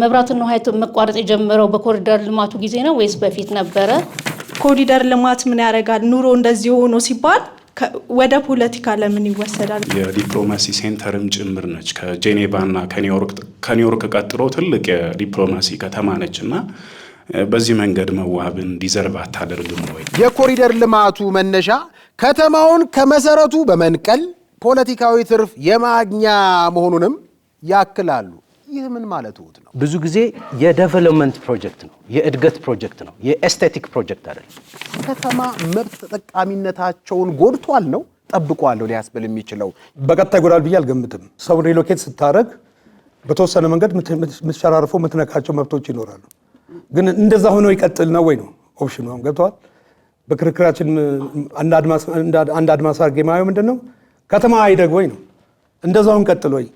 መብራትና ውሃ መቋረጥ የጀመረው በኮሪደር ልማቱ ጊዜ ነው ወይስ በፊት ነበረ? ኮሪደር ልማት ምን ያደርጋል? ኑሮ እንደዚህ ሆኖ ሲባል ወደ ፖለቲካ ለምን ይወሰዳል? የዲፕሎማሲ ሴንተርም ጭምር ነች። ከጄኔቫና ከኒውዮርክ ቀጥሎ ትልቅ የዲፕሎማሲ ከተማ ነች እና በዚህ መንገድ መዋብን ዲዘርቭ አታደርግም ወይ? የኮሪደር ልማቱ መነሻ ከተማውን ከመሰረቱ በመንቀል ፖለቲካዊ ትርፍ የማግኛ መሆኑንም ያክላሉ። ይህ ምን ማለት ውት ነው? ብዙ ጊዜ የዴቨሎፕመንት ፕሮጀክት ነው፣ የእድገት ፕሮጀክት ነው፣ የኤስቴቲክ ፕሮጀክት አይደለም። ከተማ መብት ተጠቃሚነታቸውን ጎድቷል ነው ጠብቋለሁ ሊያስብል የሚችለው በቀጣይ ይጎዳል ብዬ አልገምትም። ሰውን ሪሎኬት ስታደረግ በተወሰነ መንገድ የምትሸራርፈው የምትነካቸው መብቶች ይኖራሉ። ግን እንደዛ ሆኖ ይቀጥል ነው ወይ ነው ኦፕሽኑ። አሁን ገብተዋል። በክርክራችን አንድ አድማስ አድርጌ ማየው ምንድን ነው ከተማ አይደግ ወይ ነው እንደዛውን ቀጥል ወይ